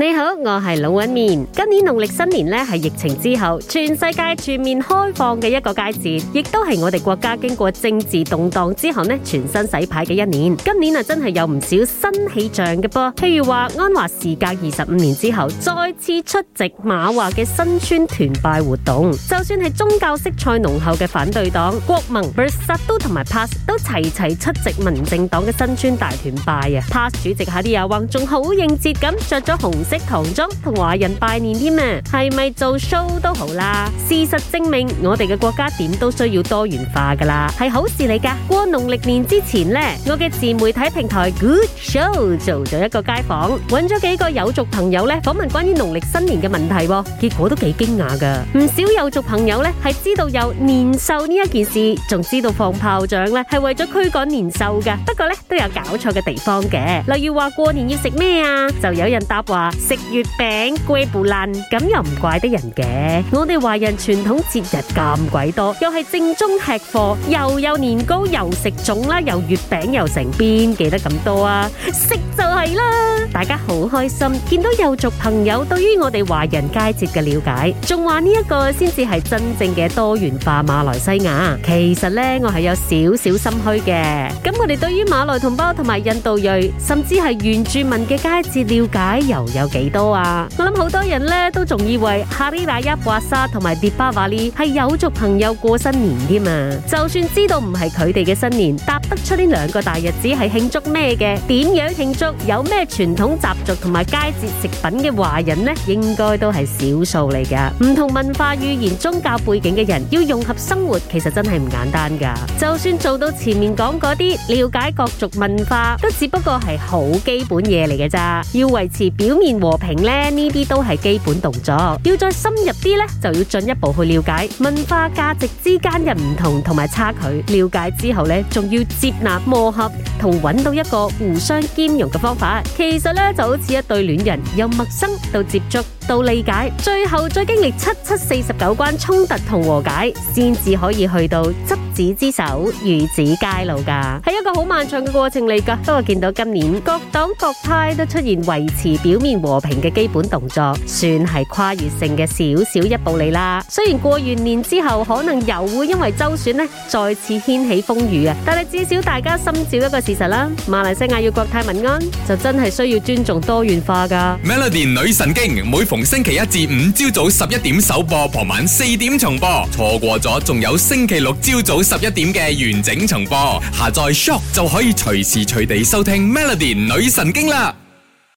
你好，我係老尹面。今年農曆新年咧，係疫情之後全世界全面開放嘅一個佳節，亦都係我哋國家經過政治動盪之後咧，全新洗牌嘅一年。今年啊真係有唔少新氣象嘅噃，譬如話安華時隔二十五年之後再次出席馬華嘅新春團拜活動。就算係宗教色彩濃厚嘅反對黨國盟 Bersatu 同埋 PAS 都齊齊出席民政黨嘅新春大團拜啊！PAS 主席哈迪阿旺仲好應節咁着咗紅，紅。食唐裝同華人拜年添啊，係咪做 show 都好啦？事實證明，我哋嘅國家點都需要多元化噶啦，係好事嚟噶過農曆年之前呢，我嘅自媒體平台 Good Show 做咗一個街訪，揾咗幾個友族朋友咧，訪問關於農曆新年嘅問題，結果都幾驚訝噶。唔少友族朋友咧係知道有年獸呢一件事，仲知道放炮仗咧係為咗驅趕年獸噶。不過咧都有搞錯嘅地方嘅，例如話過年要食咩啊，就有人答話。食月餅過不爛，咁又唔怪得人嘅。我哋華人傳統節日咁鬼多，又係正宗吃貨，又有年糕，又食粽啦，又月餅，又成邊，邊記得咁多啊？食就係啦，大家好開心，見到有族朋友對於我哋華人佳節嘅了解，仲話呢一個先至係真正嘅多元化馬來西亞。其實呢，我係有少少心虛嘅。咁我哋對於馬來同胞同埋印度裔，甚至係原住民嘅佳節了解又有幾多啊？我諗好多人咧，都仲以為哈里拉雅布阿沙同埋迪巴瓦利係友族朋友過新年添啊！就算知道唔係佢哋嘅新年，答得出呢兩個大日子係慶祝咩嘅、點樣慶祝、有咩傳統習俗同埋佳節食品嘅華人呢？應該都係少數嚟噶。唔同文化、語言、宗教背景嘅人要融合生活，其實真係唔簡單噶。就算做到前面講嗰啲，了解各族文化，都只不過係好基本嘢，嚟嘅咋。要維持表面，和平咧，呢啲都係基本動作。要再深入啲咧，就要進一步去了解文化價值之間嘅唔同同埋差距。了解之後咧，仲要接納磨合，同揾到一個互相兼容嘅方法。其實咧，就好似一對戀人，由陌生到接觸，到理解，最後再經歷七七四十九關衝突同和、和解，先至可以去到執子之手，與子偕老噶。係一個好漫長嘅過程嚟噶。不過見到今年各黨各派都出現維持表面和平嘅基本動作，算係跨越性嘅小小一步嚟啦。雖然過完年之後可能又會因為州選呢，再次掀起風雨啊！但係至少大家心照一個事實啦，馬來西亞要國泰民安，就真係需要尊重多元化噶。Melody 女神經每逢星期一至五朝早十一點首播，傍晚四點重播，錯過咗仲有星期六朝早十一點嘅完整重播。下載 Shock 就可以隨時隨地收聽 Melody 女神經啦。